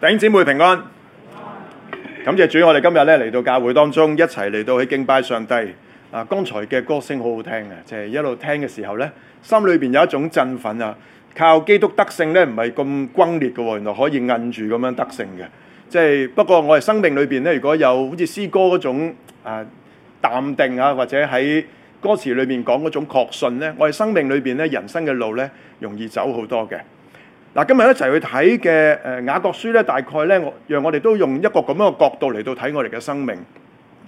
弟兄姊妹平安，感謝主，我哋今日咧嚟到教會當中一齊嚟到去敬拜上帝。啊，剛才嘅歌聲好好聽嘅，即係一路聽嘅時候咧，心裏邊有一種振奮啊！靠基督得勝咧，唔係咁轟烈嘅喎，原來可以韌住咁樣得勝嘅。即係不過我哋生命裏邊咧，如果有好似詩歌嗰種啊淡定啊，或者喺歌詞裏邊講嗰種確信咧，我哋生命裏邊咧人生嘅路咧容易走好多嘅。嗱，今日一齊去睇嘅誒雅各書咧，大概咧我讓我哋都用一個咁樣嘅角度嚟到睇我哋嘅生命。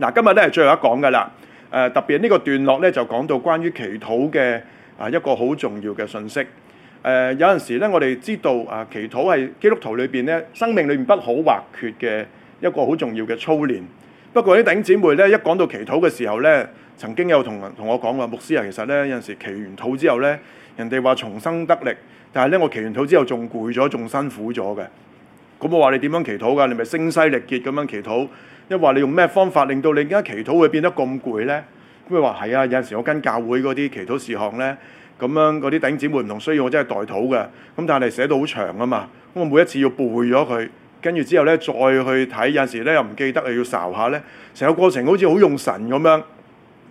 嗱，今日咧係最後一講㗎啦。誒特別呢個段落咧就講到關於祈禱嘅啊一個好重要嘅信息。誒有陣時咧我哋知道啊祈禱係基督徒裏邊咧生命裏面不可或缺嘅一個好重要嘅操練。不過弟兄姊妹咧一講到祈禱嘅時候咧，曾經有同同我講話，牧師啊，其實咧有陣時祈完禱之後咧，人哋話重生得力。但係咧，我祈完禱之後仲攰咗，仲辛苦咗嘅。咁我話你點樣祈禱噶？你咪聲嘶力竭咁樣祈禱。一話你用咩方法令到你而家祈禱會變得咁攰咧？咁佢話：係啊，有陣時我跟教會嗰啲祈禱事項咧，咁樣嗰啲弟兄姊妹唔同需要，所以我真係代禱嘅。咁但係寫到好長啊嘛，咁我每一次要背咗佢，跟住之後咧再去睇，有陣時咧又唔記得，又要查下咧，成個過程好似好用神咁樣。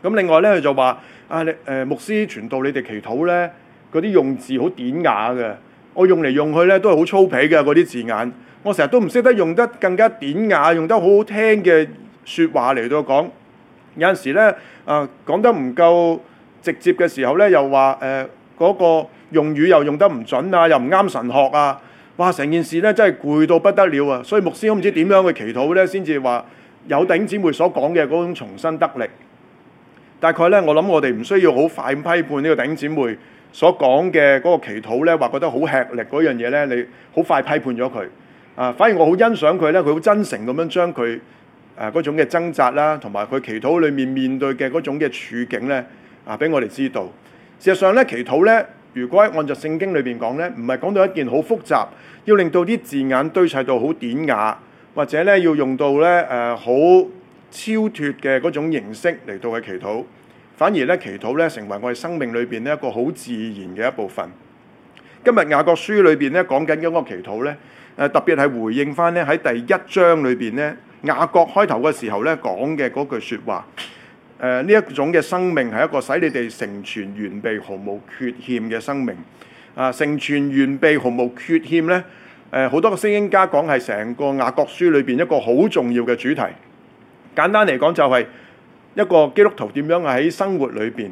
咁另外咧，佢就話：啊，誒、呃、牧師傳道，你哋祈禱咧。嗰啲用字好典雅嘅，我用嚟用去咧都係好粗鄙嘅嗰啲字眼，我成日都唔識得用得更加典雅、用得好好聽嘅說話嚟到講。有陣時咧，啊、呃、講得唔夠直接嘅時候咧，又話：呃「誒、那、嗰個用語又用得唔準啊，又唔啱神學啊，哇！成件事咧真係攰到不得了啊！所以牧師都唔知點樣去祈禱咧，先至話有弟兄姊妹所講嘅嗰種重新得力。大概咧，我諗我哋唔需要好快批判呢個弟兄姊妹。所講嘅嗰個祈禱咧，話覺得好吃力嗰樣嘢咧，你好快批判咗佢啊！反而我好欣賞佢咧，佢好真誠咁樣將佢誒嗰種嘅掙扎啦，同埋佢祈禱裏面面對嘅嗰種嘅處境咧啊，俾我哋知道。事實上咧，祈禱咧，如果喺按照聖經裏邊講咧，唔係講到一件好複雜，要令到啲字眼堆砌到好典雅，或者咧要用到咧誒好超脫嘅嗰種形式嚟到去祈禱。反而咧，祈禱咧，成為我哋生命裏邊咧一個好自然嘅一部分今。今日雅各書裏邊咧講緊嘅嗰個祈禱咧，誒、呃，特別係回應翻咧喺第一章裏邊咧，雅各開頭嘅時候咧講嘅嗰句說話，誒、呃，呢一種嘅生命係一個使你哋成全完備、毫無缺欠嘅生命。啊，成全完備、毫無缺欠咧，誒、呃，好多嘅福音家講係成個雅各書裏邊一個好重要嘅主題。簡單嚟講就係、是。一個基督徒點樣喺生活裏邊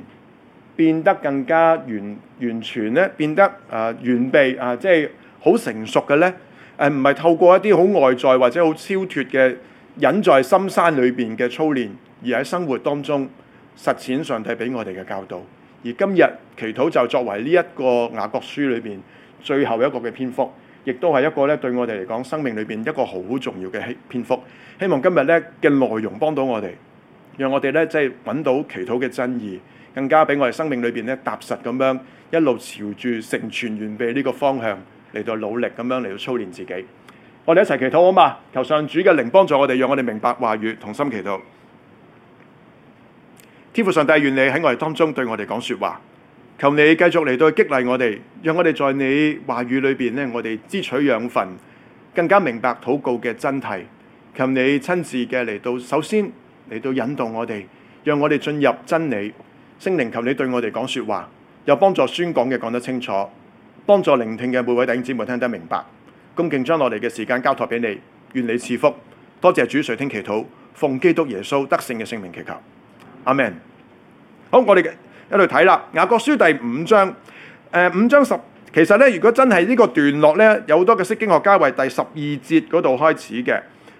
變得更加完完全咧，變得啊完備啊，即係好成熟嘅咧？誒，唔係透過一啲好外在或者好超脱嘅隱在深山裏邊嘅操練，而喺生活當中實踐上帝俾我哋嘅教導。而今日祈禱就作為呢、這、一個雅各書裏邊最後一個嘅篇幅，亦都係一個咧對我哋嚟講生命裏邊一個好重要嘅篇幅。希望今日咧嘅內容幫到我哋。讓我哋咧，即係揾到祈禱嘅真義，更加俾我哋生命裏邊咧踏實咁樣，一路朝住成全完備呢個方向嚟到努力咁樣嚟到操練自己。我哋一齊祈禱好嘛？求上主嘅靈幫助我哋，讓我哋明白話語，同心祈禱。天父上帝願你喺我哋當中對我哋講說話，求你繼續嚟到激勵我哋，讓我哋在你話語裏邊咧，我哋汲取養分，更加明白禱告嘅真諦。求你親自嘅嚟到，首先。嚟到引導我哋，讓我哋進入真理。聖靈，求你對我哋講說話，又幫助宣講嘅講得清楚，幫助聆聽嘅每位弟兄姊妹聽得明白。恭敬將落嚟嘅時間交託俾你，願你賜福。多謝主垂聽祈禱，奉基督耶穌得勝嘅聖名祈求。阿們。好，我哋一路睇啦。雅各書第五章，誒、呃，五章十，其實咧，如果真係呢個段落咧，有好多嘅釋經學家為第十二節嗰度開始嘅。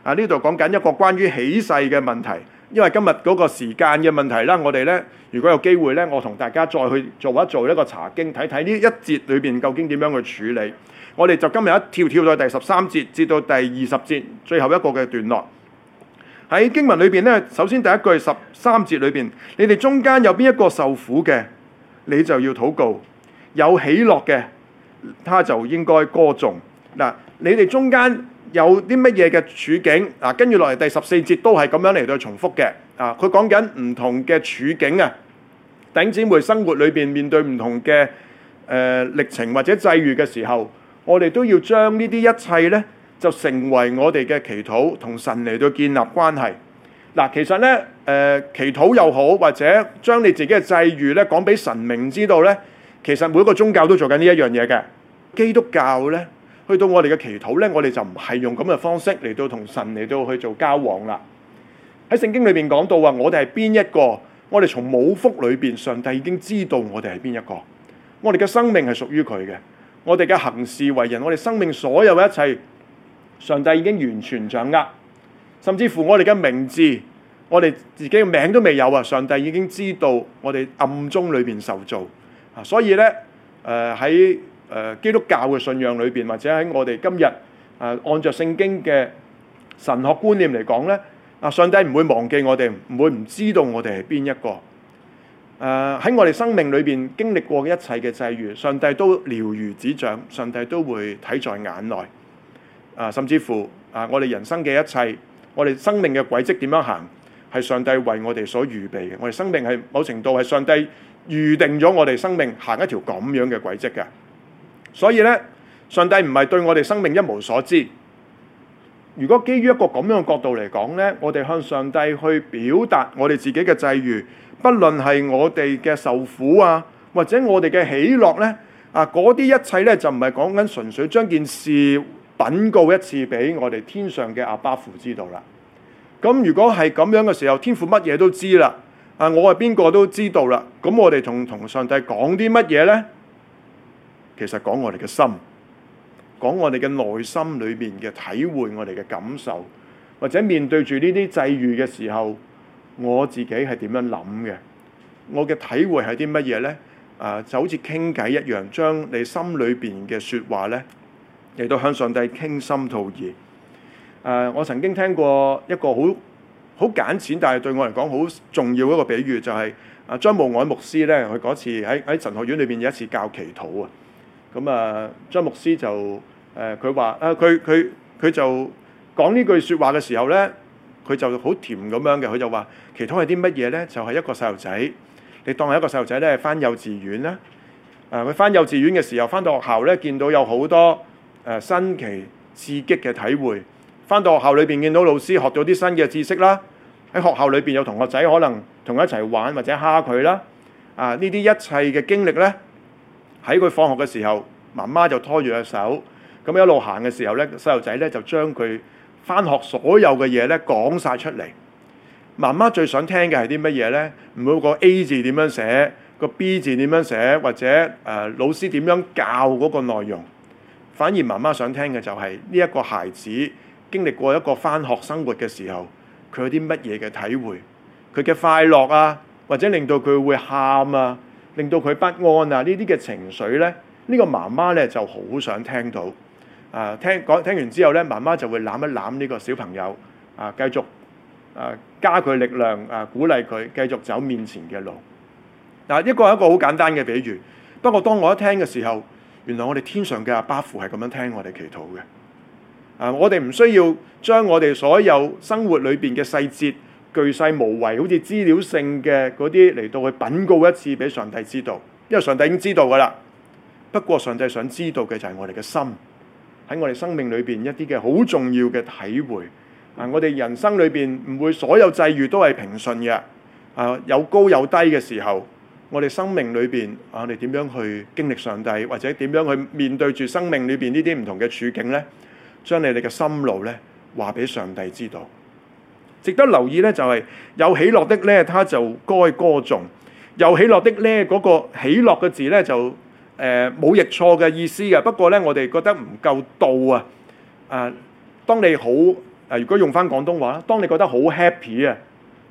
啊，呢度講緊一個關於起誓嘅問題。因為今日嗰個時間嘅問題啦，我哋呢，如果有機會呢，我同大家再去做一做一個查經，睇睇呢一節裏邊究竟點樣去處理。我哋就今日一跳跳到第十三節至到第二十節最後一個嘅段落。喺經文裏邊呢，首先第一句十三節裏邊，你哋中間有邊一個受苦嘅，你就要禱告，有喜樂嘅，他就應該歌頌。嗱，你哋中間。有啲乜嘢嘅處境啊？跟住落嚟第十四節都係咁樣嚟到重複嘅啊！佢講緊唔同嘅處境啊，頂姊妹生活裏邊面，面，面對唔同嘅誒歷程或者際遇嘅時候，我哋都要將呢啲一切呢就成為我哋嘅祈禱，同神嚟到建立關係。嗱、啊，其實呢，誒、呃、祈禱又好，或者將你自己嘅際遇呢講俾神明知道呢，其實每一個宗教都做緊呢一樣嘢嘅，基督教呢。去到我哋嘅祈禱咧，我哋就唔係用咁嘅方式嚟到同神嚟到去做交往啦。喺聖經裏面講到話，我哋係邊一個？我哋從母腹裏邊，上帝已經知道我哋係邊一個。我哋嘅生命係屬於佢嘅，我哋嘅行事為人，我哋生命所有嘅一切，上帝已經完全掌握。甚至乎我哋嘅名字，我哋自己嘅名都未有啊！上帝已經知道我哋暗中裏邊受造。所以咧，喺、呃。基督教嘅信仰裏邊，或者喺我哋今日誒、呃，按著聖經嘅神學觀念嚟講呢，啊，上帝唔會忘記我哋，唔會唔知道我哋係邊一個誒。喺、呃、我哋生命裏邊經歷過嘅一切嘅際遇，上帝都了如指掌，上帝都會睇在眼內啊、呃。甚至乎啊、呃，我哋人生嘅一切，我哋生命嘅軌跡點樣行，係上帝為我哋所預備嘅。我哋生命係某程度係上帝預定咗我哋生命行一條咁樣嘅軌跡嘅。所以咧，上帝唔係對我哋生命一無所知。如果基於一個咁樣嘅角度嚟講咧，我哋向上帝去表達我哋自己嘅際遇，不論係我哋嘅受苦啊，或者我哋嘅喜樂咧，啊嗰啲一切咧就唔係講緊純粹將件事禀告一次俾我哋天上嘅阿巴父知道啦。咁如果係咁樣嘅時候，天父乜嘢都知啦，啊我係邊個都知道啦。咁、啊、我哋同同上帝講啲乜嘢咧？其實講我哋嘅心，講我哋嘅內心裏面嘅體會，我哋嘅感受，或者面對住呢啲際遇嘅時候，我自己係點樣諗嘅？我嘅體會係啲乜嘢咧？啊、呃，就好似傾偈一樣，將你心裏邊嘅説話咧，嚟到向上帝傾心吐意。誒、呃，我曾經聽過一個好好簡淺，但係對我嚟講好重要一個比喻，就係、是、啊，張慕皚牧師咧，佢嗰次喺喺神學院裏邊有一次教祈禱啊。咁啊，張牧師就誒，佢、呃、話啊，佢佢佢就講呢句説話嘅時候咧，佢就好甜咁樣嘅，佢就話：其他係啲乜嘢咧？就係、是、一個細路仔，你當係一個細路仔咧，返幼稚園啦。啊、呃，佢返幼稚園嘅時候，返到學校咧，見到有好多誒、呃、新奇刺激嘅體會。返到學校裏邊見到老師，學到啲新嘅知識啦。喺學校裏邊有同學仔可能同佢一齊玩或者蝦佢啦。啊、呃，呢啲一切嘅經歷咧。喺佢放學嘅時候，媽媽就拖住隻手，咁一路行嘅時候咧，細路仔呢就將佢翻學所有嘅嘢呢講晒出嚟。媽媽最想聽嘅係啲乜嘢呢？唔會個 A 字點樣寫，個 B 字點樣寫，或者誒、呃、老師點樣教嗰個內容。反而媽媽想聽嘅就係呢一個孩子經歷過一個翻學生活嘅時候，佢有啲乜嘢嘅體會，佢嘅快樂啊，或者令到佢會喊啊。令到佢不安啊！呢啲嘅情緒呢，這個、媽媽呢個媽媽呢就好想聽到啊。聽講聽完之後呢，媽媽就會攬一攬呢個小朋友啊，繼續、啊、加佢力量啊，鼓勵佢繼續走面前嘅路。嗱、啊，一個一個好簡單嘅比喻。不過當我一聽嘅時候，原來我哋天上嘅阿巴父係咁樣聽我哋祈禱嘅啊！我哋唔需要將我哋所有生活裏邊嘅細節。巨細無遺，好似資料性嘅嗰啲嚟到去禀告一次俾上帝知道，因為上帝已經知道噶啦。不過上帝想知道嘅就係我哋嘅心喺我哋生命裏邊一啲嘅好重要嘅體會啊！我哋人生裏邊唔會所有際遇都係平順嘅啊，有高有低嘅時候，我哋生命裏邊啊，我哋點樣去經歷上帝，或者點樣去面對住生命裏邊呢啲唔同嘅處境呢？將你哋嘅心路呢話俾上帝知道。值得留意咧，就係有喜樂的咧，他就該歌頌；有喜樂的咧，嗰個喜樂嘅字咧就誒冇譯錯嘅意思嘅。不過咧，我哋覺得唔夠到啊！啊，當你好誒、啊，如果用翻廣東話咧，當你覺得好 happy 啊，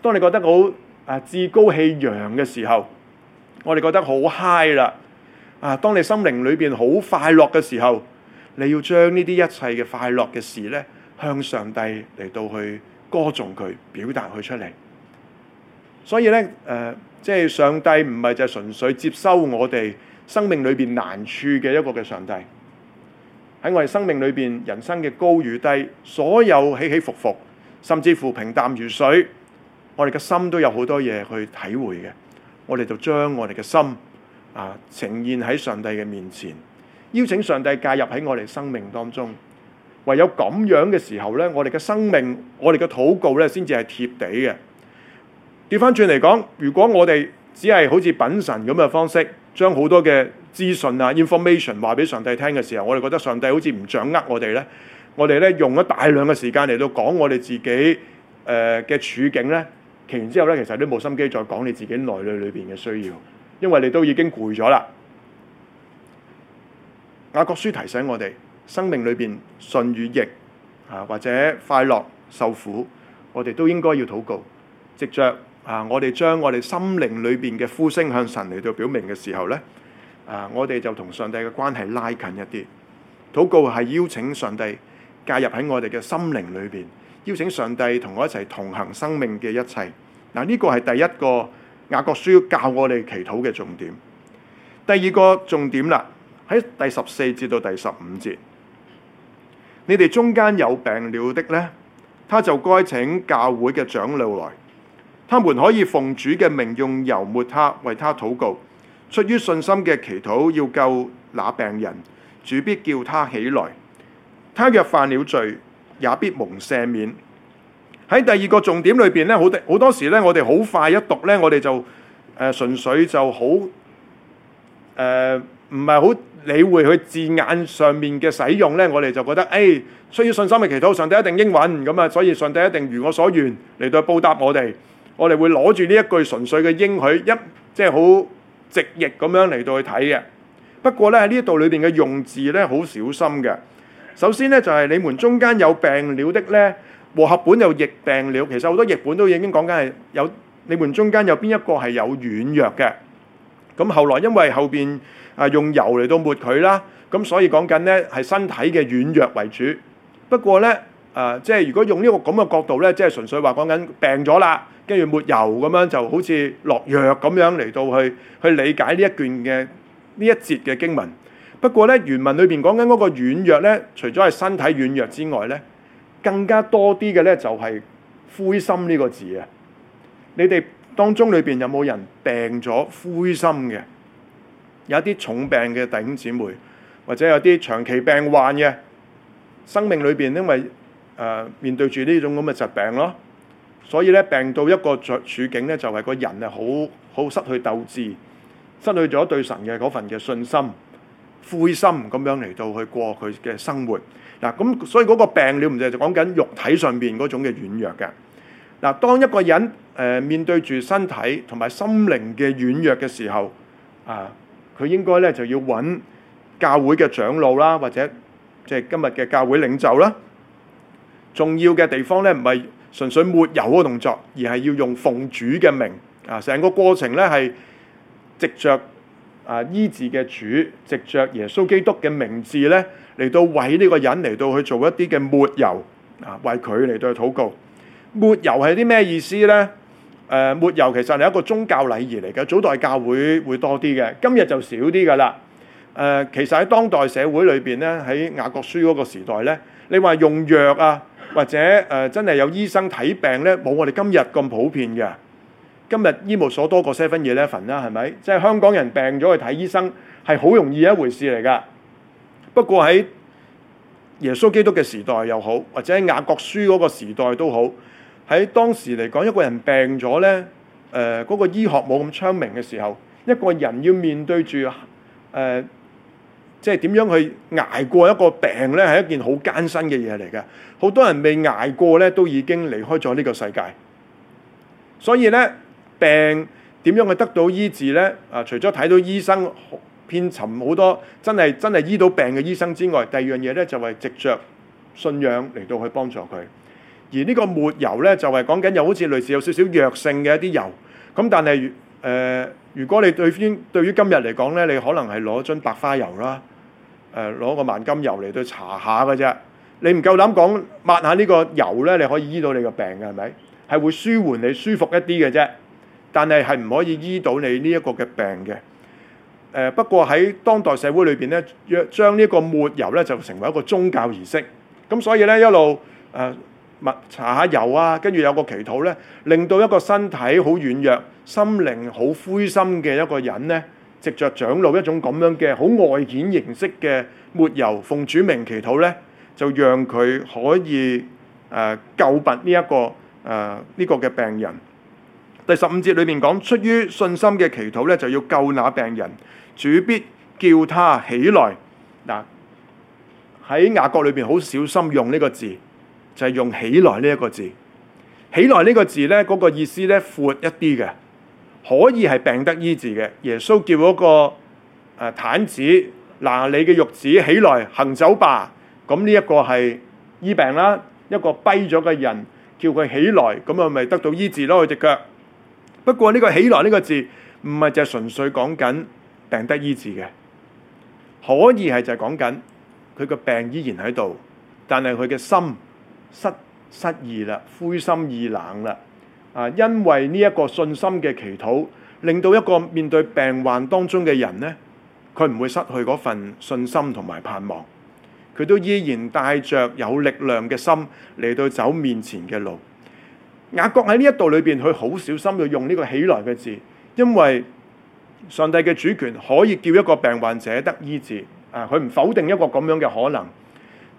當你覺得好啊趾高氣揚嘅時候，我哋覺得好 high 啦！啊，當你心靈裏邊好快樂嘅時候，你要將呢啲一切嘅快樂嘅事咧，向上帝嚟到去。歌頌佢，表達佢出嚟。所以咧，誒、呃，即係上帝唔係就純粹接收我哋生命裏邊難處嘅一個嘅上帝。喺我哋生命裏邊，人生嘅高與低，所有起起伏伏，甚至乎平淡如水，我哋嘅心都有好多嘢去體會嘅。我哋就將我哋嘅心啊、呃、呈現喺上帝嘅面前，邀請上帝介入喺我哋生命當中。唯有咁樣嘅時候呢，我哋嘅生命、我哋嘅禱告呢，先至係貼地嘅。調翻轉嚟講，如果我哋只係好似品神咁嘅方式，將好多嘅資訊啊、information 話俾上帝聽嘅時候，我哋覺得上帝好似唔掌握我哋呢。我哋呢，用咗大量嘅時間嚟到講我哋自己嘅、呃、處境呢。其完之後呢，其實都冇心機再講你自己內里裏邊嘅需要，因為你都已經攰咗啦。雅各書提醒我哋。生命裏邊順與逆，啊或者快樂受苦，我哋都應該要禱告，藉着，啊我哋將我哋心靈裏邊嘅呼聲向神嚟到表明嘅時候呢，啊我哋就同上帝嘅關係拉近一啲。禱告係邀請上帝介入喺我哋嘅心靈裏邊，邀請上帝同我一齊同行生命嘅一切。嗱，呢個係第一個雅各書教我哋祈禱嘅重點。第二個重點啦，喺第十四節到第十五節。你哋中間有病了的呢，他就該請教會嘅長老來，他們可以奉主嘅名用油抹他，為他禱告，出於信心嘅祈禱要救那病人，主必叫他起來。他若犯了罪，也必蒙赦免。喺第二個重點裏邊呢，好多好多時呢，我哋好快一讀呢，我哋就誒、呃，純粹就好唔係好理會佢字眼上面嘅使用呢。我哋就覺得誒，需、哎、要信心嘅祈禱，上帝一定應允。咁啊，所以上帝一定如我所願嚟到報答我哋。我哋會攞住呢一句純粹嘅應許，一即係好直譯咁樣嚟到去睇嘅。不過呢，喺呢度裏邊嘅用字呢，好小心嘅。首先呢，就係、是、你們中間有病了的呢，和合本譯「病了」，其實好多譯本都已經講緊係有你們中間有邊一個係有軟弱嘅咁。後來因為後邊。啊，用油嚟到抹佢啦，咁所以講緊咧係身體嘅軟弱為主。不過咧，啊、呃，即係如果用呢個咁嘅角度咧，即係純粹話講緊病咗啦，跟住抹油咁樣就好似落藥咁樣嚟到去去理解呢一卷嘅呢一節嘅經文。不過咧，原文裏邊講緊嗰個軟弱咧，除咗係身體軟弱之外咧，更加多啲嘅咧就係灰心呢個字啊。你哋當中裏邊有冇人病咗灰心嘅？有一啲重病嘅弟兄姊妹，或者有啲長期病患嘅生命裏邊，因為誒面對住呢種咁嘅疾病咯，所以咧病到一個處境咧，就係個人啊，好好失去鬥志，失去咗對神嘅嗰份嘅信心，灰心咁樣嚟到去過佢嘅生活嗱。咁所以嗰個病了唔就係講緊肉體上邊嗰種嘅軟弱嘅嗱。當一個人誒面對住身體同埋心靈嘅軟弱嘅時候啊～佢應該咧就要揾教會嘅長老啦，或者即係今日嘅教會領袖啦。重要嘅地方咧唔係純粹抹油嘅動作，而係要用奉主嘅名啊！成個過程咧係藉着啊醫治嘅主，藉着耶穌基督嘅名字咧嚟到為呢個人嚟到去做一啲嘅抹油啊，為佢嚟到去禱告。抹油係啲咩意思咧？誒抹油其實係一個宗教禮儀嚟嘅，早代教會會多啲嘅，今日就少啲噶啦。誒，其實喺當代社會裏邊咧，喺雅各書嗰個時代咧，你話用藥啊，或者誒真係有醫生睇病咧，冇我哋今日咁普遍嘅。今日醫務所多過 Seven Eleven 啦，係咪？即係香港人病咗去睇醫生係好容易一回事嚟噶。不過喺耶穌基督嘅時代又好，或者喺雅各書嗰個時代都好。喺當時嚟講，一個人病咗咧，誒、呃、嗰、那個醫學冇咁昌明嘅時候，一個人要面對住誒，即係點樣去捱過一個病咧，係一件好艱辛嘅嘢嚟嘅。好多人未捱過咧，都已經離開咗呢個世界。所以咧，病點樣去得到醫治咧？啊、呃，除咗睇到醫生遍尋好多真係真係醫到病嘅醫生之外，第二樣嘢咧就係藉著信仰嚟到去幫助佢。而呢個抹油咧，就係講緊又好似類似有少少藥性嘅一啲油咁。但係誒，如果你對於對於今日嚟講咧，你可能係攞樽白花油啦，誒，攞個萬金油嚟對查下㗎啫。你唔夠膽講抹下呢個油咧，你可以醫到你個病㗎，係咪？係會舒緩你舒服一啲嘅啫，但係係唔可以醫到你呢一個嘅病嘅。誒，不過喺當代社會裏邊咧，若將呢個抹油咧就成為一個宗教儀式咁，所以咧，一路誒。查下油啊，跟住有個祈禱咧，令到一個身體好軟弱、心靈好灰心嘅一個人咧，藉着長老一種咁樣嘅好外顯形式嘅抹油奉主名祈禱咧，就讓佢可以誒、呃、救拔呢、這、一個誒呢、呃這個嘅病人。第十五節裏面講，出於信心嘅祈禱咧，就要救那病人，主必叫他起來。嗱、呃，喺雅各裏邊好小心用呢個字。就係用起來呢一、這個字，起來呢、這個字咧，嗰、那個意思咧，闊一啲嘅，可以係病得醫治嘅。耶穌叫嗰、那個誒、啊、癱子，嗱，你嘅褥子起來行走吧。咁呢一個係醫病啦，一個跛咗嘅人叫佢起來，咁啊咪得到醫治咯，佢隻腳。不過呢、這個起來呢、這個字唔係就係純粹講緊病得醫治嘅，可以係就係講緊佢嘅病依然喺度，但係佢嘅心。失失意啦，灰心意冷啦，啊！因為呢一個信心嘅祈禱，令到一個面對病患當中嘅人呢，佢唔會失去嗰份信心同埋盼望，佢都依然帶着有力量嘅心嚟到走面前嘅路。雅各喺呢一度裏邊，佢好小心去用呢個起來嘅字，因為上帝嘅主權可以叫一個病患者得醫治，啊！佢唔否定一個咁樣嘅可能。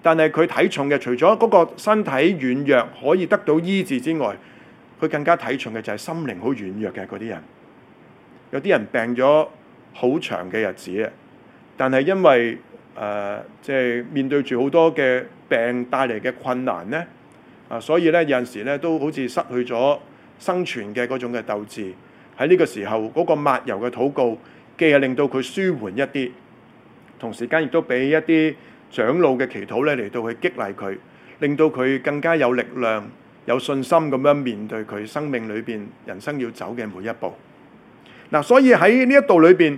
但係佢睇重嘅，除咗嗰個身體軟弱可以得到醫治之外，佢更加睇重嘅就係心靈好軟弱嘅嗰啲人。有啲人病咗好長嘅日子啊，但係因為誒即係面對住好多嘅病帶嚟嘅困難咧，啊、呃，所以咧有陣時咧都好似失去咗生存嘅嗰種嘅鬥志。喺呢個時候，嗰、嗰個抹油嘅禱告既係令到佢舒緩一啲，同時間亦都俾一啲。長老嘅祈禱咧，嚟到去激勵佢，令到佢更加有力量、有信心咁樣面對佢生命裏邊人生要走嘅每一步。嗱，所以喺呢一度裏邊，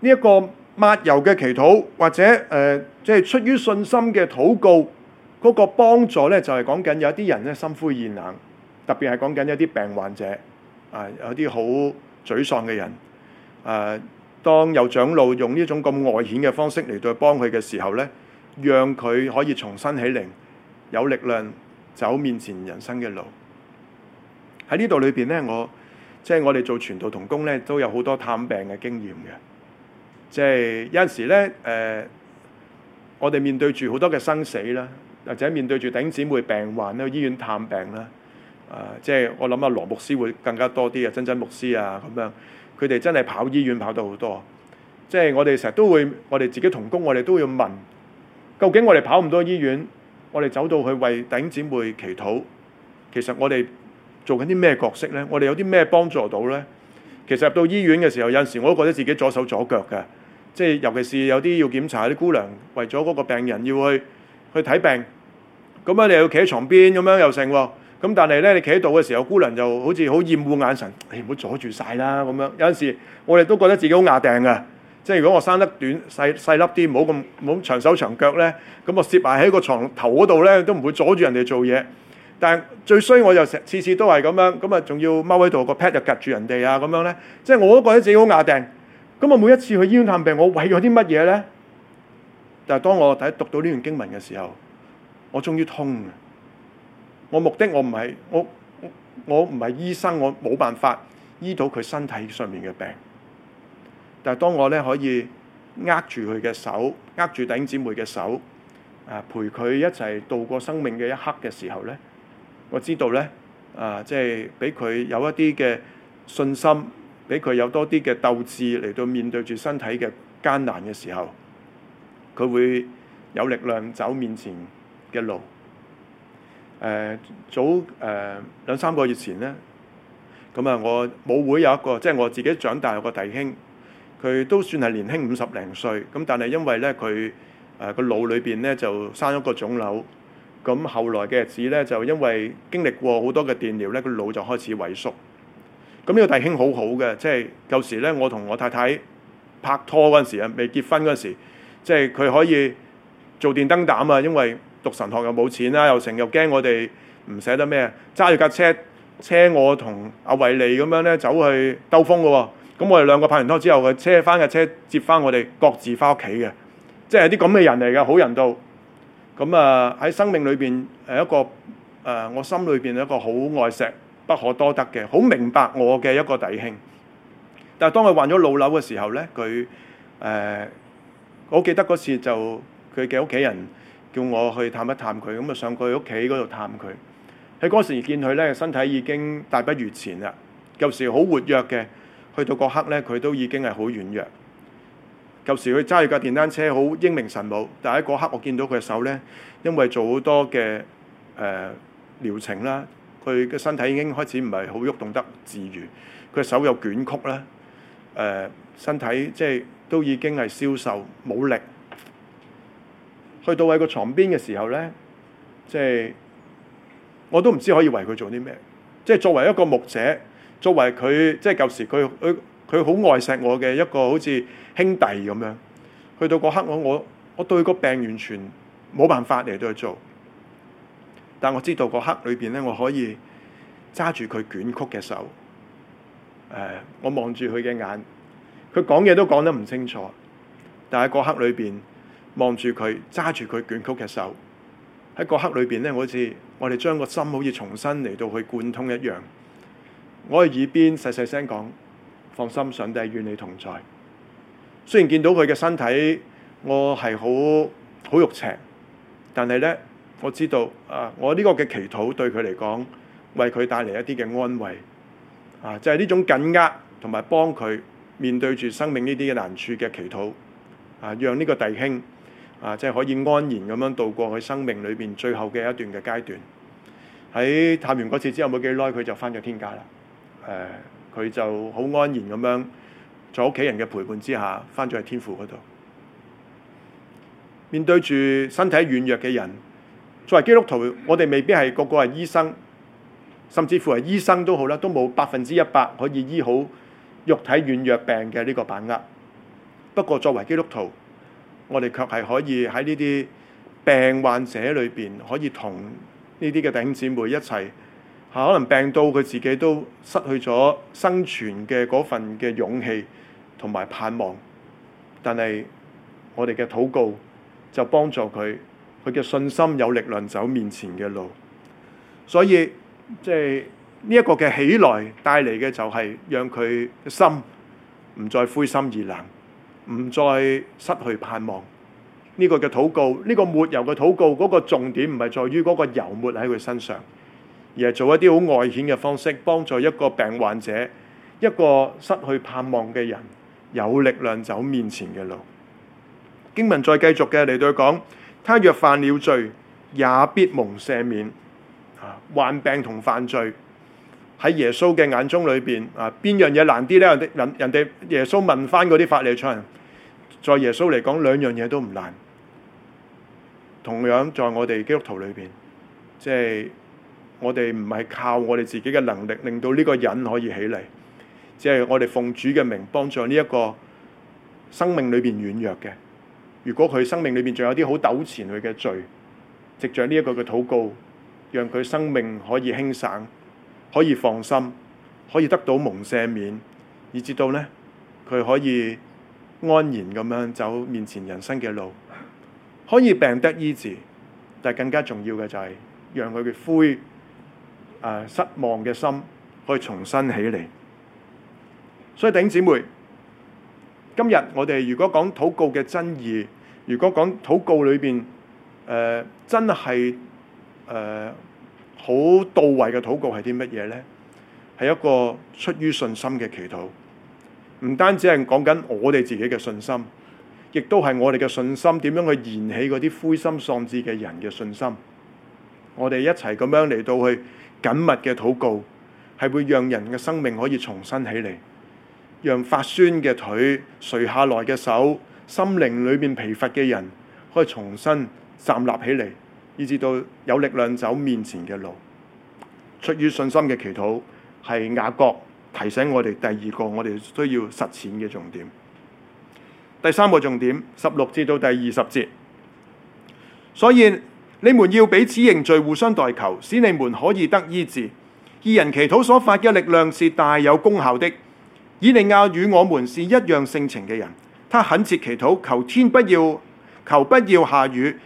呢一個抹油嘅祈禱或者誒，即係出於信心嘅禱告，嗰個幫助咧就係講緊有一啲人咧心灰意冷，特別係講緊有一啲病患者啊，有啲好沮喪嘅人啊。當有長老用呢種咁外顯嘅方式嚟到幫佢嘅時候咧，讓佢可以重新起靈，有力量走面前人生嘅路。喺呢度裏邊咧，我即係我哋做傳道同工咧，都有好多探病嘅經驗嘅。即係有陣時咧，誒，我哋面對住好多嘅生死啦，或者面對住頂姊妹病患咧，去醫院探病啦。啊、呃，即係我諗啊，羅牧師會更加多啲啊，珍珍牧師啊，咁樣。佢哋真係跑醫院跑得好多，即係我哋成日都會，我哋自己同工，我哋都會問，「究竟我哋跑咁多醫院，我哋走到去為弟兄姊妹祈禱，其實我哋做緊啲咩角色呢？我哋有啲咩幫助到呢？」其實入到醫院嘅時候，有陣時我都覺得自己左手左腳嘅，即係尤其是有啲要檢查啲姑娘，為咗嗰個病人要去去睇病，咁樣你又企喺床邊，咁樣又成喎。咁但係咧，你企喺度嘅時候，姑娘就好似好厭惡眼神，你唔好阻住晒啦咁樣。有陣時我哋都覺得自己好壓掟嘅，即係如果我生得短細細粒啲，唔好咁好長手長腳咧，咁我攝埋喺個床頭嗰度咧，都唔會阻住人哋做嘢。但係最衰我又成次次都係咁樣，咁啊仲要踎喺度，個 pad 又夾住人哋啊咁樣咧，即係我都覺得自己好壓掟。咁啊每一次去醫院探病，我為咗啲乜嘢咧？但係當我睇讀到呢段經文嘅時候，我終於通我目的我唔係我，我唔係醫生，我冇辦法醫到佢身體上面嘅病。但係當我咧可以握住佢嘅手，握住弟兄姊妹嘅手，啊陪佢一齊度過生命嘅一刻嘅時候咧，我知道咧啊，即係俾佢有一啲嘅信心，俾佢有多啲嘅鬥志嚟到面對住身體嘅艱難嘅時候，佢會有力量走面前嘅路。誒、呃、早誒兩、呃、三個月前咧，咁啊，我母會有一個，即係我自己長大有個弟兄，佢都算係年輕五十零歲，咁但係因為咧佢誒個腦裏邊咧就生咗個腫瘤，咁後來嘅日子咧就因為經歷過好多嘅電療咧，個腦就開始萎縮。咁呢個弟兄好好嘅，即係舊時咧我同我太太拍拖嗰陣時啊，未結婚嗰陣時，即係佢可以做電燈膽啊，因為。讀神學又冇錢啦，又成又驚我哋唔捨得咩？揸住架車車我同阿維利咁樣咧走去兜風嘅喎、哦。咁我哋兩個拍完拖之後，佢車翻架車接翻我哋各自翻屋企嘅。即係啲咁嘅人嚟嘅，好人道。咁啊喺生命裏邊係一個誒、呃，我心裏邊一個好愛錫、不可多得嘅，好明白我嘅一個弟兄。但係當佢患咗腦瘤嘅時候咧，佢誒、呃、我記得嗰時就佢嘅屋企人。叫我去探一探佢，咁啊上佢屋企嗰度探佢。喺嗰時見佢咧，身體已經大不如前啦。舊時好活躍嘅，去到嗰刻咧，佢都已經係好軟弱。舊時佢揸住架電單車好英明神武，但係喺嗰刻我見到佢嘅手咧，因為做好多嘅誒療程啦，佢嘅身體已經開始唔係好喐動得自如，佢嘅手有卷曲啦，誒身體即係都已經係消瘦冇力。去到喺個床邊嘅時候咧，即係我都唔知可以為佢做啲咩，即係作為一個牧者，作為佢即係舊時佢佢佢好愛錫我嘅一個好似兄弟咁樣，去到個刻我我我對個病完全冇辦法嚟到去做，但我知道個刻裏邊咧，我可以揸住佢卷曲嘅手，誒，我望住佢嘅眼，佢講嘢都講得唔清楚，但係個刻裏邊。望住佢，揸住佢卷曲嘅手，喺個刻裏邊咧，好似我哋將個心好似重新嚟到去貫通一樣。我喺耳邊細細聲講：放心，上帝與你同在。雖然見到佢嘅身體，我係好好肉赤，但係咧，我知道啊，我呢個嘅祈禱對佢嚟講，為佢帶嚟一啲嘅安慰。啊，就係、是、呢種緊握同埋幫佢面對住生命呢啲難處嘅祈禱，啊，讓呢個弟兄。啊！即係可以安然咁樣度過佢生命裏邊最後嘅一段嘅階段。喺探完嗰次之後，冇幾耐佢就返咗天家啦。誒、啊，佢就好安然咁樣，在屋企人嘅陪伴之下，返咗去天父嗰度。面對住身體軟弱嘅人，作為基督徒，我哋未必係個個係醫生，甚至乎係醫生都好啦，都冇百分之一百可以醫好肉體軟弱病嘅呢個把握。不過，作為基督徒，我哋卻係可以喺呢啲病患者裏邊，可以同呢啲嘅弟兄姊妹一齊，可能病到佢自己都失去咗生存嘅嗰份嘅勇氣同埋盼望，但係我哋嘅禱告就幫助佢，佢嘅信心有力量走面前嘅路。所以即係呢一個嘅起來帶嚟嘅就係讓佢心唔再灰心而冷。唔再失去盼望，呢、這個嘅禱告，呢、這個抹油嘅禱告，嗰、那個重點唔係在於嗰個油抹喺佢身上，而係做一啲好外顯嘅方式，幫助一個病患者、一個失去盼望嘅人有力量走面前嘅路。經文再繼續嘅嚟到講，他若犯了罪，也必蒙赦免。患病同犯罪。喺耶穌嘅眼中裏邊啊，邊樣嘢難啲咧？人哋人人哋耶穌問翻嗰啲法利出嚟，在耶穌嚟講，兩樣嘢都唔難。同樣在我哋基督徒裏邊，即係我哋唔係靠我哋自己嘅能力令到呢個人可以起嚟，只係我哋奉主嘅名幫助呢一個生命裏邊軟弱嘅。如果佢生命裏邊仲有啲好糾纏佢嘅罪，藉着呢一個嘅禱告，讓佢生命可以輕省。可以放心，可以得到蒙赦免，以至到咧佢可以安然咁樣走面前人生嘅路，可以病得醫治，但係更加重要嘅就係讓佢嘅灰誒、呃、失望嘅心可以重新起嚟。所以弟兄姊妹，今日我哋如果講禱告嘅真意，如果講禱告裏邊誒、呃、真係誒。呃好到位嘅禱告係啲乜嘢咧？係一個出於信心嘅祈禱，唔單止係講緊我哋自己嘅信心，亦都係我哋嘅信心點樣去燃起嗰啲灰心喪志嘅人嘅信心。我哋一齊咁樣嚟到去緊密嘅禱告，係會讓人嘅生命可以重新起嚟，讓發酸嘅腿、垂下來嘅手、心靈裏邊疲乏嘅人可以重新站立起嚟。以至到有力量走面前嘅路。出於信心嘅祈禱，係雅各提醒我哋第二個我哋需要實踐嘅重點。第三個重點，十六至到第二十節。所以你們要彼此認罪，互相代求，使你們可以得醫治。義人祈禱所發嘅力量是大有功效的。以利亞與我們是一樣性情嘅人，他懇切祈禱，求天不要，求不要下雨。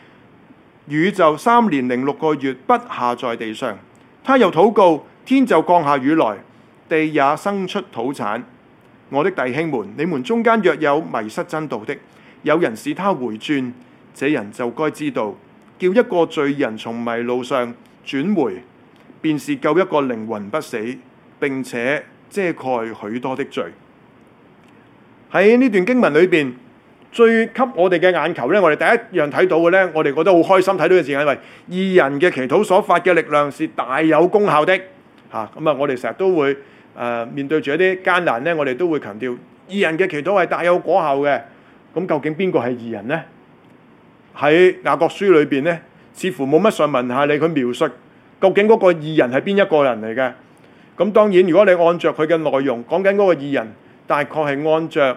雨就三年零六個月不下在地上，他又禱告，天就降下雨來，地也生出土產。我的弟兄們，你們中間若有迷失真道的，有人使他回轉，這人就該知道，叫一個罪人從迷路上轉回，便是救一個靈魂不死，並且遮蓋許多的罪。喺呢段經文裏邊。最吸我哋嘅眼球咧，我哋第一樣睇到嘅咧，我哋覺得好開心睇到嘅字眼，因為義人嘅祈禱所發嘅力量是大有功效的嚇。咁啊，我哋成日都會誒面對住一啲艱難咧，我哋都會強調義人嘅祈禱係大有果效嘅。咁究竟邊個係義人咧？喺雅各書裏邊咧，似乎冇乜上文下理佢描述究竟嗰個義人係邊一個人嚟嘅？咁當然如果你按著佢嘅內容講緊嗰個義人，大概係按著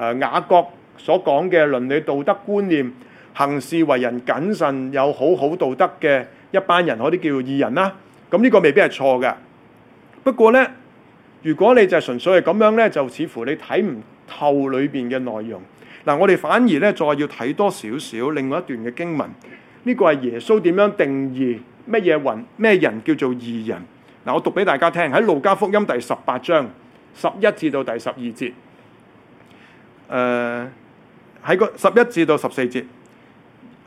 誒雅各。所講嘅倫理道德觀念，行事為人謹慎，有好好道德嘅一班人，嗰啲叫做義人啦、啊。咁呢個未必係錯嘅。不過呢，如果你就係純粹係咁樣呢，就似乎你睇唔透裏邊嘅內容。嗱，我哋反而呢，再要睇多少少另外一段嘅經文。呢個係耶穌點樣定義乜嘢人，咩人叫做義人？嗱，我讀俾大家聽喺路加福音第十八章十一至到第十二節。誒、呃。喺個十一至到十四節，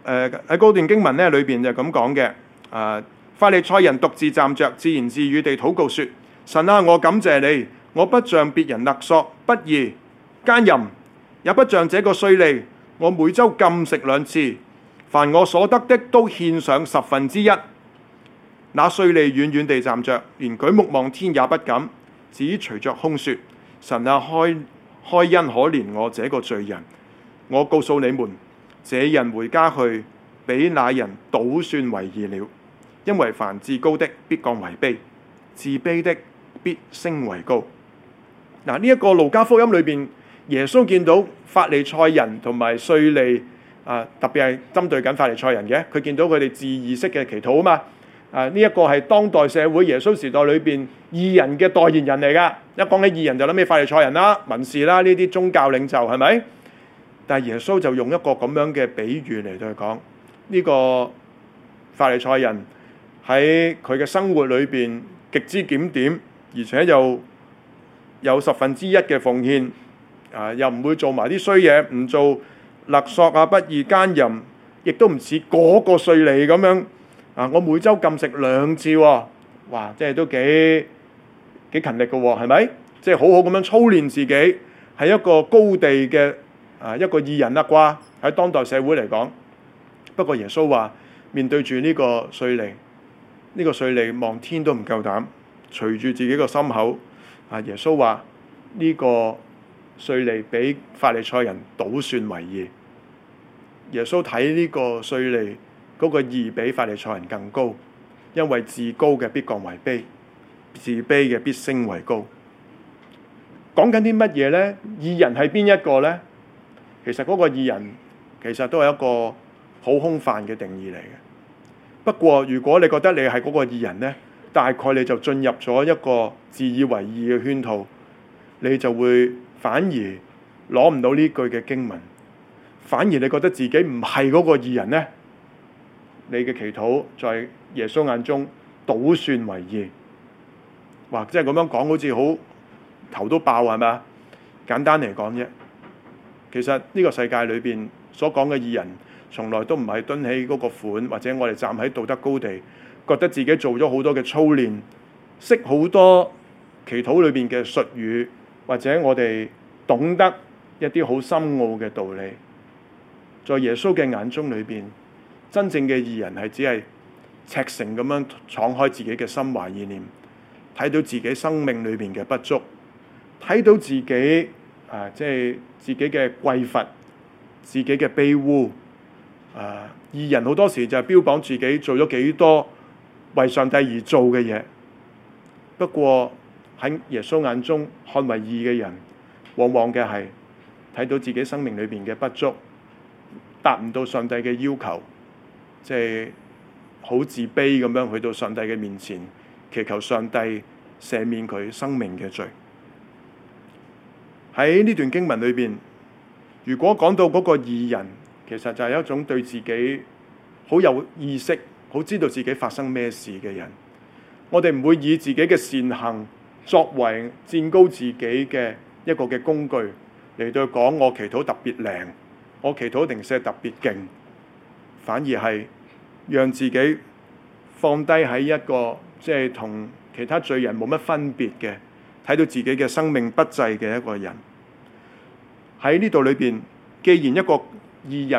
喺嗰段經文咧裏邊就咁講嘅。誒、啊，法利賽人獨自站着，自言自語地禱告，說：神啊，我感謝你，我不像別人勒索不義、奸淫，也不像這個稅吏。我每週禁食兩次，凡我所得的都獻上十分之一。那稅吏遠遠地站着，連舉目望天也不敢，只隨着空説：神啊，開開恩，可憐我這個罪人。我告訴你們，這人回家去，比那人倒算為義了，因為凡自高的必降為卑，自卑的必升為高。嗱、啊，呢、這、一個路加福音裏邊，耶穌見到法利賽人同埋稅吏，啊，特別係針對緊法利賽人嘅，佢見到佢哋自意識嘅祈禱啊嘛。啊，呢、這、一個係當代社會耶穌時代裏邊義人嘅代言人嚟噶。一講起義人，就諗起法利賽人啦、文士啦呢啲宗教領袖係咪？是但耶穌就用一個咁樣嘅比喻嚟對佢講，呢個法利賽人喺佢嘅生活裏邊極之檢點，而且又有十分之一嘅奉獻，啊又唔會做埋啲衰嘢，唔做勒索啊、不義奸淫，亦都唔似嗰個稅吏咁樣啊！我每周禁食兩次，哇！即係都幾幾勤力嘅，係咪？即係好好咁樣操練自己，喺一個高地嘅。啊，一個義人啦、啊、啩，喺當代社會嚟講。不過耶穌話，面對住呢個稅吏，呢、這個稅吏望天都唔夠膽，隨住自己個心口。啊，耶穌話呢個稅吏比法利賽人倒算為義。耶穌睇呢個稅吏嗰個義比法利賽人更高，因為自高嘅必降為卑，自卑嘅必升為高。講緊啲乜嘢咧？義人係邊一個咧？其實嗰個義人其實都係一個好空泛嘅定義嚟嘅。不過如果你覺得你係嗰個義人呢，大概你就進入咗一個自以為義嘅圈套，你就會反而攞唔到呢句嘅經文。反而你覺得自己唔係嗰個義人呢，你嘅祈禱在耶穌眼中倒算為義。哇！即係咁樣講好似好頭都爆係咪啊？簡單嚟講啫。其實呢個世界裏邊所講嘅義人，從來都唔係蹲起嗰個款，或者我哋站喺道德高地，覺得自己做咗好多嘅操練，識好多祈禱裏邊嘅術語，或者我哋懂得一啲好深奧嘅道理，在耶穌嘅眼中裏邊，真正嘅義人係只係赤誠咁樣敞開自己嘅心懷意念，睇到自己生命裏邊嘅不足，睇到自己。啊！即係自己嘅虧乏，自己嘅卑污。啊！義人好多時就係標榜自己做咗幾多為上帝而做嘅嘢。不過喺耶穌眼中看為義嘅人，往往嘅係睇到自己生命裏邊嘅不足，達唔到上帝嘅要求，即係好自卑咁樣去到上帝嘅面前，祈求上帝赦免佢生命嘅罪。喺呢段經文裏邊，如果講到嗰個義人，其實就係一種對自己好有意識、好知道自己發生咩事嘅人。我哋唔會以自己嘅善行作為戰高自己嘅一個嘅工具嚟到講我祈禱特別靈，我祈禱定寫特別勁。反而係讓自己放低喺一個即係、就是、同其他罪人冇乜分別嘅，睇到自己嘅生命不濟嘅一個人。喺呢度裏邊，既然一個二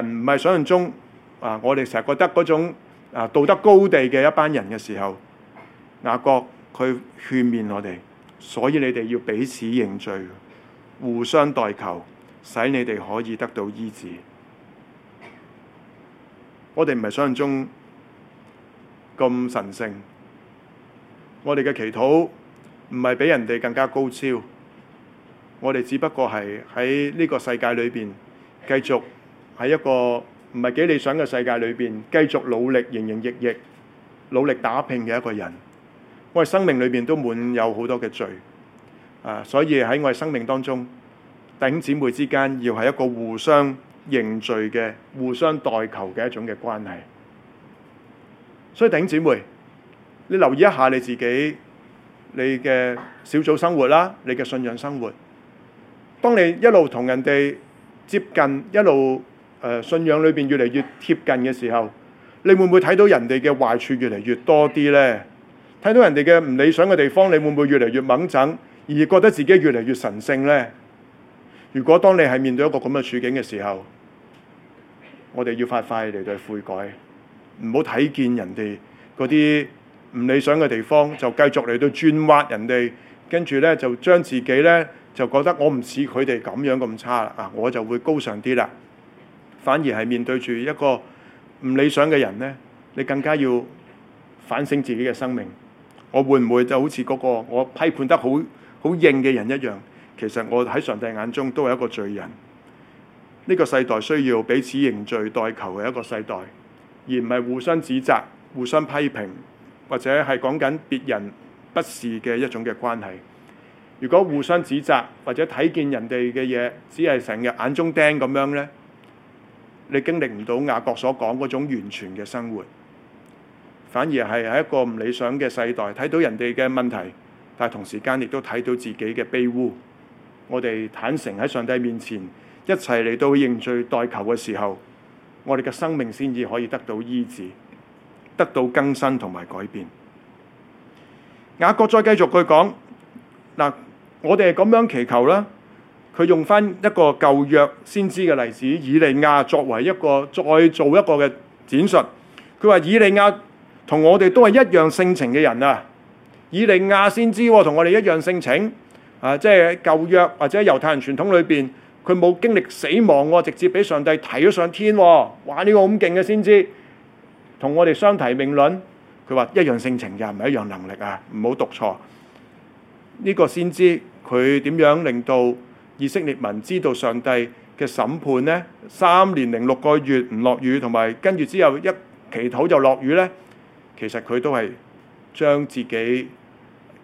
人唔係想象中啊，我哋成日覺得嗰種啊道德高地嘅一班人嘅時候，雅各佢勸勉我哋，所以你哋要彼此認罪，互相代求，使你哋可以得到醫治。我哋唔係想象中咁神聖，我哋嘅祈禱唔係比人哋更加高超。我哋只不過係喺呢個世界裏邊，繼續喺一個唔係幾理想嘅世界裏邊，繼續努力、營營役役、努力打拼嘅一個人。我哋生命裏邊都滿有好多嘅罪，啊！所以喺我哋生命當中，弟兄姊妹之間要係一個互相認罪嘅、互相代求嘅一種嘅關係。所以弟兄姊妹，你留意一下你自己、你嘅小組生活啦、你嘅信仰生活。當你一路同人哋接近，一路、呃、信仰裏邊越嚟越貼近嘅時候，你會唔會睇到人哋嘅壞處越嚟越多啲呢？睇到人哋嘅唔理想嘅地方，你會唔會越嚟越猛憎，而覺得自己越嚟越神聖呢？如果當你係面對一個咁嘅處境嘅時候，我哋要快快嚟到悔改，唔好睇見人哋嗰啲唔理想嘅地方就繼續嚟到鑽挖人哋，跟住呢，就將自己呢。就覺得我唔似佢哋咁樣咁差啦，啊我就會高尚啲啦。反而係面對住一個唔理想嘅人咧，你更加要反省自己嘅生命。我會唔會就好似嗰個我批判得好好硬嘅人一樣？其實我喺上帝眼中都係一個罪人。呢個世代需要彼此認罪代求嘅一個世代，而唔係互相指責、互相批評，或者係講緊別人不是嘅一種嘅關係。如果互相指責或者睇見人哋嘅嘢，只係成日眼中釘咁樣呢？你經歷唔到雅各所講嗰種完全嘅生活，反而係喺一個唔理想嘅世代，睇到人哋嘅問題，但係同時間亦都睇到自己嘅卑污。我哋坦誠喺上帝面前，一齊嚟到認罪代求嘅時候，我哋嘅生命先至可以得到醫治，得到更新同埋改變。雅各再繼續去講嗱。我哋係咁樣祈求啦，佢用返一個舊約先知嘅例子，以利亞作為一個再做一個嘅展述。佢話以利亞同我哋都係一樣性情嘅人啊！以利亞先知同、啊、我哋一、啊啊啊這個、一樣性情啊！即係舊約或者猶太人傳統裏邊，佢冇經歷死亡，直接俾上帝提咗上天。哇！呢個咁勁嘅先知，同我哋相提並論。佢話一樣性情就唔係一樣能力啊！唔好讀錯。呢個先知佢點樣令到以色列民知道上帝嘅審判呢？三年零六個月唔落雨，同埋跟住之後一祈禱就落雨呢？其實佢都係將自己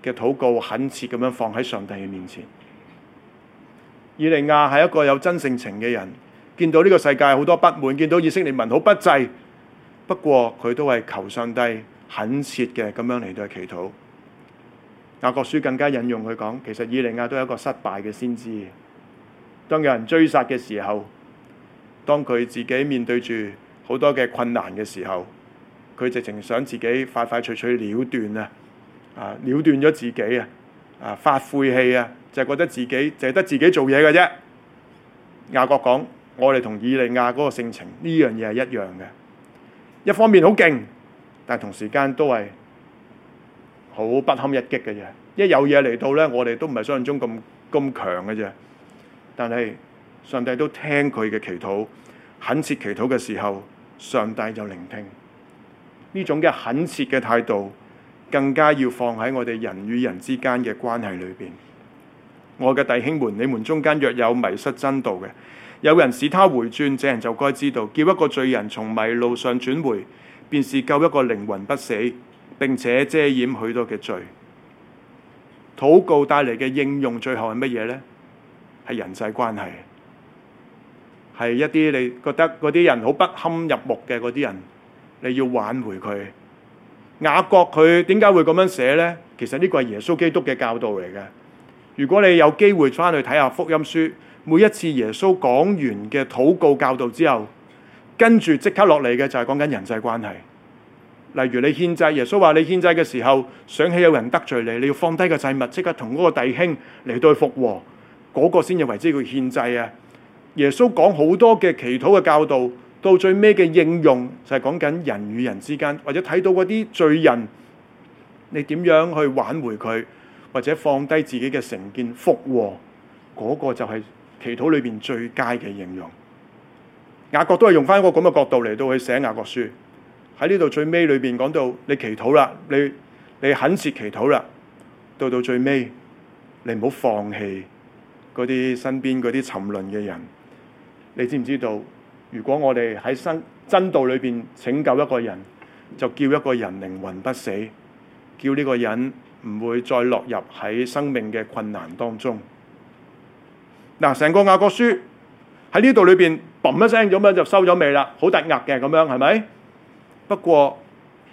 嘅禱告懇切咁樣放喺上帝嘅面前。以利亞係一個有真性情嘅人，見到呢個世界好多不滿，見到以色列民好不濟，不過佢都係求上帝懇切嘅咁樣嚟到祈禱。雅各書更加引用佢講，其實以利亞都係一個失敗嘅先知。當有人追殺嘅時候，當佢自己面對住好多嘅困難嘅時候，佢直情想自己快快脆脆了斷啊！啊，了斷咗自己啊！啊，發晦氣啊，就覺得自己淨係得自己做嘢嘅啫。雅各講：我哋同以利亞嗰個性情呢樣嘢係一樣嘅，一方面好勁，但同時間都係。好不堪一擊嘅嘢，一有嘢嚟到呢，我哋都唔係想象中咁咁強嘅啫。但係上帝都聽佢嘅祈禱，懇切祈禱嘅時候，上帝就聆聽。呢種嘅懇切嘅態度，更加要放喺我哋人與人之間嘅關係裏邊。我嘅弟兄們，你們中間若有迷失真道嘅，有人使他回轉，這人就該知道，叫一個罪人從迷路上轉回，便是救一個靈魂不死。並且遮掩許多嘅罪，禱告帶嚟嘅應用最後係乜嘢呢？係人際關係，係一啲你覺得嗰啲人好不堪入目嘅嗰啲人，你要挽回佢。雅各佢點解會咁樣寫呢？其實呢個係耶穌基督嘅教導嚟嘅。如果你有機會翻去睇下福音書，每一次耶穌講完嘅禱告教導之後，跟住即刻落嚟嘅就係講緊人際關係。例如你獻祭，耶穌話你獻祭嘅時候，想起有人得罪你，你要放低個祭物，即刻同嗰個弟兄嚟到去，復和。嗰、嗰個先至為之佢獻祭啊！耶穌講好多嘅祈禱嘅教導，到最尾嘅應用就係講緊人與人之間，或者睇到嗰啲罪人，你點樣去挽回佢，或者放低自己嘅成見復和。嗰、嗰個就係祈禱裏邊最佳嘅應用。雅各都係用翻一個咁嘅角度嚟到去寫雅各書。喺呢度最尾裏邊講到你祈禱啦，你你懇切祈禱啦，到到最尾你唔好放棄嗰啲身邊嗰啲沉淪嘅人。你知唔知道？如果我哋喺真真道裏邊拯救一個人，就叫一個人靈魂不死，叫呢個人唔會再落入喺生命嘅困難當中。嗱、啊，成個雅各書喺呢度裏邊嘣一聲，咁樣就收咗尾啦？好突兀嘅咁樣，係咪？不過，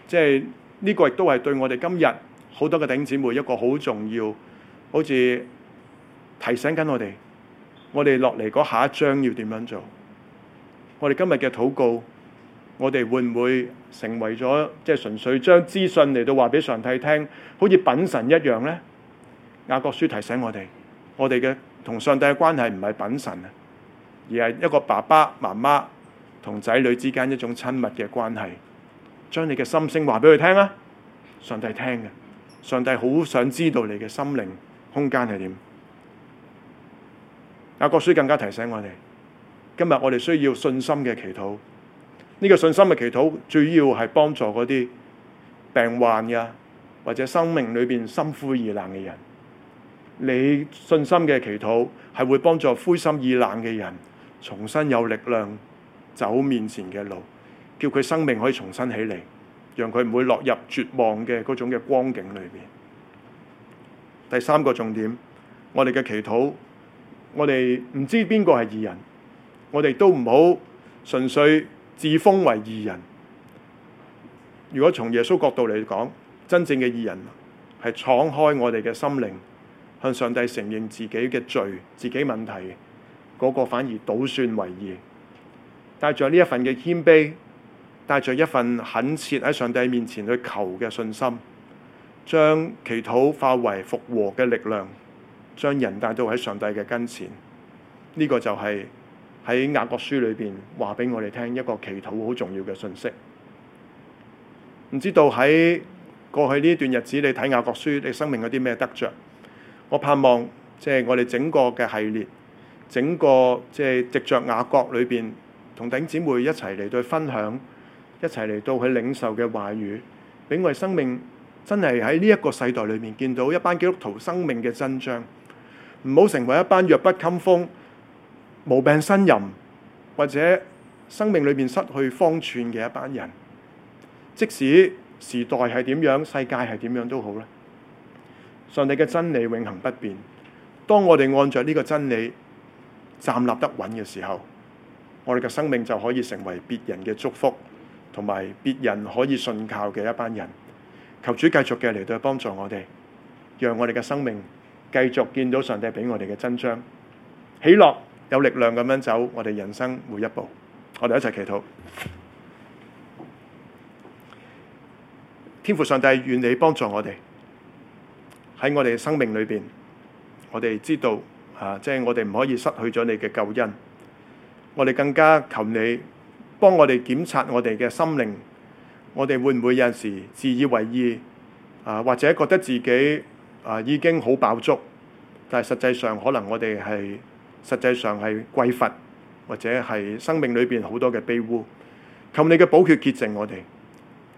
即係呢個亦都係對我哋今日好多嘅弟兄姊妹一個好重要，好似提醒緊我哋，我哋落嚟嗰下一章要點樣做？我哋今日嘅禱告，我哋會唔會成為咗即係純粹將資訊嚟到話俾上帝聽，好似稟神一樣呢？雅各書提醒我哋，我哋嘅同上帝嘅關係唔係稟神啊，而係一個爸爸媽媽同仔女之間一種親密嘅關係。將你嘅心聲話俾佢聽啊！上帝聽嘅，上帝好想知道你嘅心靈空間係點。雅各書更加提醒我哋，今日我哋需要信心嘅祈禱。呢個信心嘅祈禱，主要係幫助嗰啲病患呀，或者生命裏邊心灰意冷嘅人。你信心嘅祈禱係會幫助灰心意冷嘅人，重新有力量走面前嘅路。叫佢生命可以重新起嚟，讓佢唔會落入絕望嘅嗰種嘅光景裏邊。第三個重點，我哋嘅祈禱，我哋唔知邊個係義人，我哋都唔好純粹自封為義人。如果從耶穌角度嚟講，真正嘅義人係敞開我哋嘅心靈，向上帝承認自己嘅罪、自己問題，嗰、那個反而倒算為義，帶着呢一份嘅謙卑。帶着一份懇切喺上帝面前去求嘅信心，將祈禱化為復和嘅力量，將人帶到喺上帝嘅跟前。呢、這個就係喺雅各書裏邊話俾我哋聽一個祈禱好重要嘅信息。唔知道喺過去呢段日子，你睇雅各書，你生命有啲咩得着？我盼望即係我哋整個嘅系列，整個即係藉着雅各裏邊同弟兄姊妹一齊嚟對分享。一齊嚟到去領受嘅話語，俾我哋生命真係喺呢一個世代裏面見到一班基督徒生命嘅真章，唔好成為一班弱不禁風、無病呻吟或者生命裏面失去方寸嘅一班人。即使時代係點樣，世界係點樣都好咧，上帝嘅真理永恒不變。當我哋按着呢個真理站立得穩嘅時候，我哋嘅生命就可以成為別人嘅祝福。同埋別人可以信靠嘅一班人，求主繼續嘅嚟到幫助我哋，讓我哋嘅生命繼續見到上帝俾我哋嘅真章，喜樂有力量咁樣走我哋人生每一步，我哋一齊祈禱。天父上帝，願你幫助我哋喺我哋嘅生命裏邊，我哋知道啊，即係我哋唔可以失去咗你嘅救恩，我哋更加求你。幫我哋檢查我哋嘅心靈，我哋會唔會有陣時自以為義啊？或者覺得自己啊已經好飽足，但係實際上可能我哋係實際上係匱乏，或者係生命裏邊好多嘅卑污。求你嘅寶血潔淨我哋，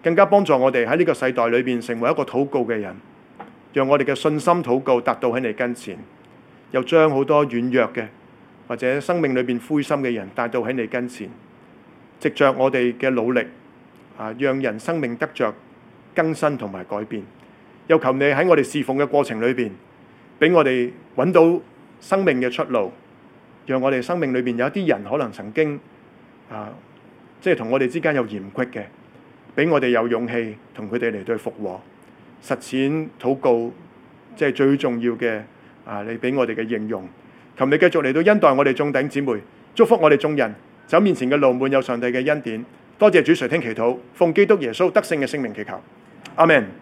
更加幫助我哋喺呢個世代裏邊成為一個禱告嘅人，讓我哋嘅信心禱告達到喺你跟前，又將好多軟弱嘅或者生命裏邊灰心嘅人帶到喺你跟前。藉着我哋嘅努力，啊，讓人生命得着、更新同埋改變。又求你喺我哋侍奉嘅過程裏邊，俾我哋揾到生命嘅出路，讓我哋生命裏邊有啲人可能曾經啊，即係同我哋之間有嫌隙嘅，俾我哋有勇氣同佢哋嚟到復和，實踐禱告，即係最重要嘅啊！你俾我哋嘅應用，求你繼續嚟到恩待我哋眾頂姊妹，祝福我哋眾人。走面前嘅路，滿有上帝嘅恩典。多謝主垂聽祈禱，奉基督耶穌得勝嘅聖名祈求，阿門。